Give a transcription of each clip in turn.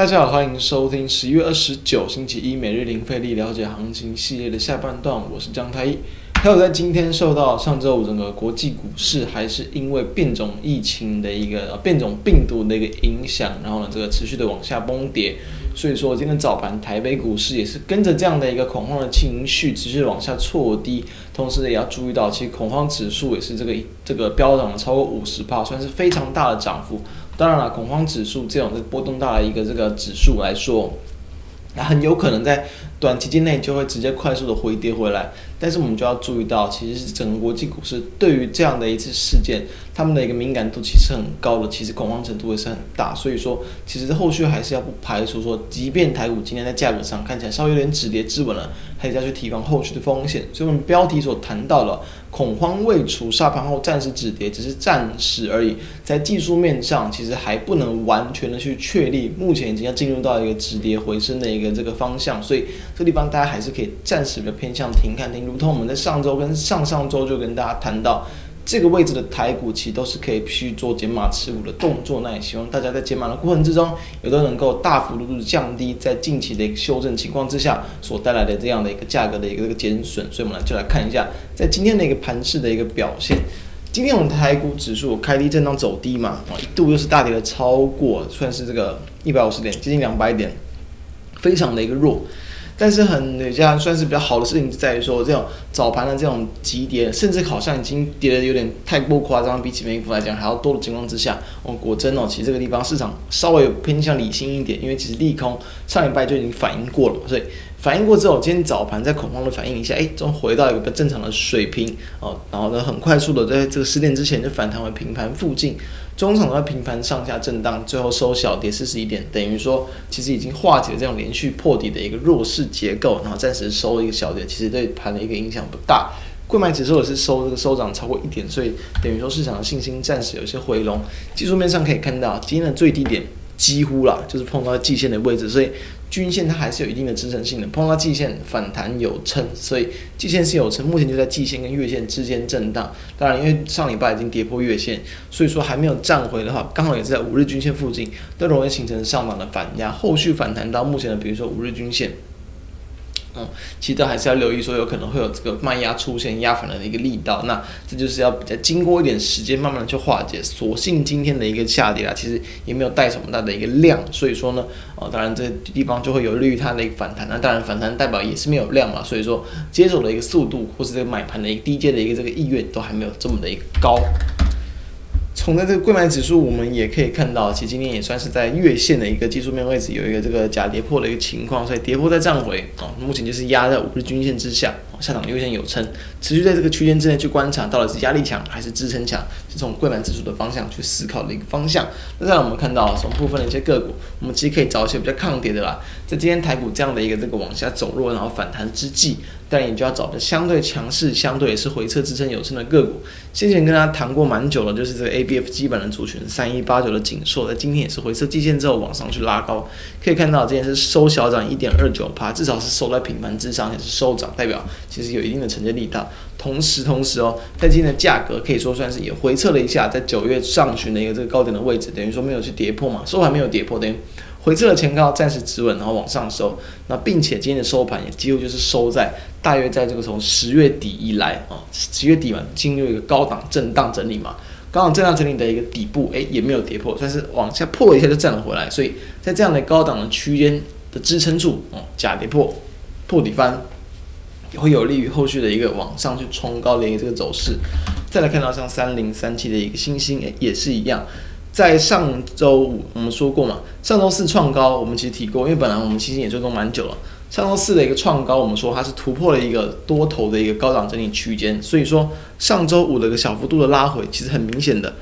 大家好，歡迎收聽十一月二十九星期一每日零費力了解行情系列的下半段，我是江太一。還有在今天受到上周五整個國際股市還是因為變種疫情的一個、啊、變種病毒的一個影響，然後呢，這個持續的往下崩跌，所以說今天早盤台北股市也是跟着這樣的一個恐慌的情緒持續往下挫低，同時呢也要注意到，其實恐慌指數也是這個這個飆漲了超過五十趴，算是非常大的漲幅。當然了，恐慌指數這種波動大的一個這個指數來說，那很有可能在短期之內就會直接快速的回跌回來。但是我們就要注意到，其實是整個國際股市對於這樣的一次事件，他們的一個敏感度其實很高的，其實恐慌程度也是很大。所以說，其實後續還是要不排除說，即便台股今天在價格上看起來稍微有點止跌止穩了。還是要去提防後續的風險，所以我們標題所談到了恐慌未除，殺盤後暫時止跌，只是暫時而已。在技術面上，其實還不能完全的去確立，目前已經要進入到一個止跌回升的一個這個方向，所以這個地方大家還是可以暫時的偏向停看停，如同我們在上周跟上上周就跟大家談到。這個位置的台股其實都是可以去做減碼持股的動作，那也希望大家在減碼的過程之中，也都能夠大幅度的降低在近期的一個修正情況之下所帶來的這樣的一個價格的一個這個減損。所以，我們來就來看一下，在今天的一個盤勢的一個表現。今天我們的台股指數開低震盪走低嘛，一度又是大跌了超過，算是這個一百五十點，接近兩百點，非常的一個弱。但是很你這樣算是比較好的事情，就在於說，這種早盤的這種急跌，甚至好像已經跌得有點太過誇張，比起美股來講還要多的情況之下，我、哦、果真哦，其實這個地方市場稍微有偏向理性一點，因為其實利空上禮拜就已經反應過了，所以。反應過之後，今天早盤在恐慌的反應一下，哎、欸，終於回到一個正常的水平，哦，然後呢，很快速的在這個十點之前就反彈回平盤附近，中場在平盤上下震盪，最後收小跌四十一點，等於說其實已經化解了這種連續破底的一個弱勢結構，然後暫時收了一個小跌，其實對盤的一個影響不大。櫃買指數也是收這個收漲超過一點，所以等於說市場的信心暫時有一些回籠。技術面上可以看到今天的最低點。幾乎啦，就是碰到了季線的位置，所以均線它還是有一定的支撐性的。碰到季線反彈有撐，所以季線是有撐。目前就在季線跟月線之間震盪。當然，因為上禮拜已經跌破月線，所以說還沒有站回的話，剛好也是在五日均線附近，都容易形成上檔的反壓。後續反彈到目前的，比如說五日均線。嗯，其實都還是要留意，說有可能會有這個賣壓出現壓反彈的一個力道，那這就是要比較經過一點時間，慢慢的去化解。所幸今天的一個下跌啊，其實也沒有帶什麼大的一個量，所以說呢，哦，當然這個地方就會有利於它的一個反彈。那當然反彈代表也是沒有量嘛，所以說接手的一個速度，或是這個買盤的一個低接的一個這個意願都還沒有這麼的一個高。嗯、那這個櫃買指數，我們也可以看到，其實今天也算是在月線的一個技術面位置有一個這個假跌破的一個情況，所以跌破在站回哦，目前就是壓在五日均線之下。下檔優先有撐，持續在這個區間之內去觀察，到底是壓力強還是支撐強，是從櫃買指數的方向去思考的一個方向。那再來，我們看到從部分的一些個股，我們其實可以找一些比較抗跌的啦。在今天台股這樣的一個這個往下走弱，然後反彈之際，但你就要找的相對強勢、相對也是回撤支撐有撐的個股。先前跟大家談過蠻久了，就是這個 ABF 基本的族群三一八九的景碩，在今天也是回撤季線之後往上去拉高，可以看到今天是收小漲一點二九趴，至少是收在平盤之上，也是收漲代表，其實有一定的承接力道，同時同時哦，在今天的價格可以說算是也回測，了一下，在九月上旬的一個這個高點的位置，等於說沒有去跌破嘛，收盤沒有跌破，等於回測了前高，暫時止穩，然後往上收。那並且今天的收盤也幾乎就是收在大約在這個從十月底以來啊，哦、十月底嘛，進入一個高檔震盪整理嘛，高檔震盪整理的一個底部，哎、欸、也沒有跌破，算是往下破了一下就站了回來，所以在這樣的高檔的區間的支撐處哦，假跌破破底翻。也會有利於後續的一個往上去衝高連陰這個走勢。再來看到像三零三七的一個欣興，也是一樣，在上周五我們說過嘛，上周四創高，我們其實提過，因為本來我們欣興也追蹤蠻久了。上周四的一個創高，我們說它是突破了一個多頭的一個高檔整理區間，所以說上周五的一個小幅度的拉回，其實很明顯的。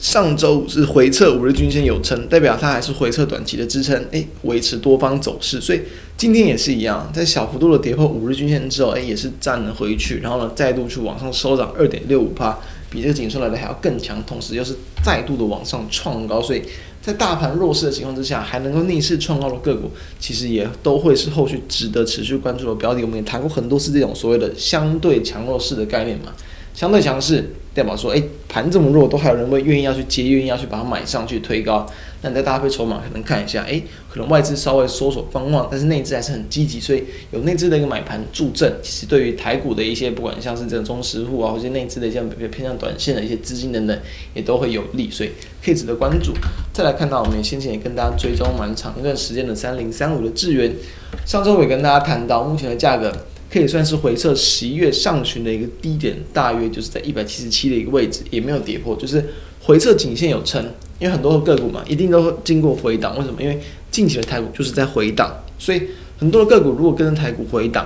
上周五是回撤，五日均線有撐，代表它還是回撤短期的支撐，誒，維持多方走勢，所以。今天也是一樣，在小幅度的跌破五日均線之後，誒，也是站了回去，然後呢，再度去往上收漲二點六五趴，比這個錦盛來的還要更強，同時又是再度的往上創高，所以在大盤弱勢的情況之下，還能夠逆勢創高的個股，其實也都會是後續值得持續關注的標的。我們也談過很多次這種所謂的相對強弱勢的概念嘛。相對強勢，代表說，哎、欸，盤這麼弱，都還有人會願意要去接，願意要去把它買上去推高。那你再搭配籌碼，可能看一下，哎、欸，可能外資稍微縮手觀望，但是內資還是很積極，所以有內資的一個買盤助陣。其實對於台股的一些，不管像是這種中實戶啊，或者內資的一些比較偏向短線的一些資金等等，也都會有利，所以可以值得關注。再來看到我們先前也跟大家追蹤蠻長一段時間的三零三五的智原，上周我也跟大家談到，目前的價格。可以算是回測十一月上旬的一個低點，大約就是在一百七十七的一個位置，也沒有跌破，就是回測季線有撐。因為很多個股嘛，一定都經過回檔，為什麼？因為近期的台股就是在回檔，所以很多個股如果跟着台股回檔，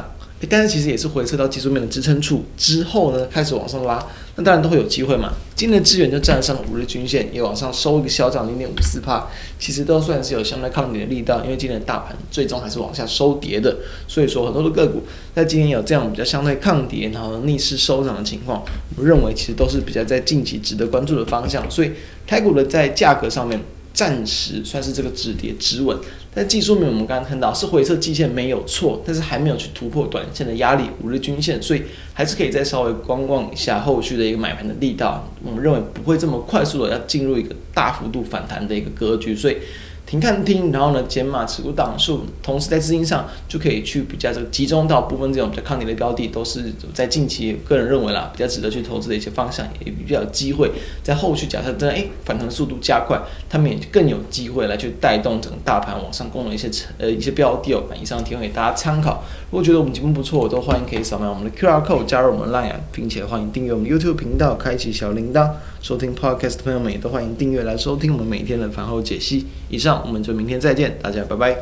但是其實也是回測到技術面的支撐處之後呢，開始往上拉。那當然都會有機會嘛。今天的資源就站上五日均線，也往上收一個小漲零點五四趴，其實都算是有相對抗跌的力道。因為今天的大盤最終還是往下收跌的，所以說很多的個股在今天有這樣比較相對抗跌，然後逆勢收漲的情況，我認為其實都是比較在近期值得關注的方向。所以台股的在價格上面。暫時算是這個止跌止穩，但技術面我們剛剛看到是回測季線沒有錯，但是還沒有去突破短線的壓力，五日均線，所以還是可以再稍微觀望一下後續的一個買盤的力道。我們認為不會這麼快速的要進入一個大幅度反彈的一個格局，所以。停看聽，然後呢，減碼持股檔數，同時在資金上就可以去比較這個集中到部分這種比較抗跌的標的，都是在近期個人認為啦，比較值得去投資的一些方向，也有比較有機會在後續假設真的哎反彈速度加快，他們也更有機會來去帶動整個大盤往上攻的一些呃一些標的哦。以上提供給大家參考，如果覺得我們節目不錯，都歡迎可以掃描我們的 QR Code 加入我們的 Line，並且歡迎訂閱我們的 YouTube 頻道，開啟小鈴鐺，收聽 Podcast 的朋友們也都歡迎訂閱來收聽我們每天的盤後解析。以上。我們就明天再見，大家拜拜。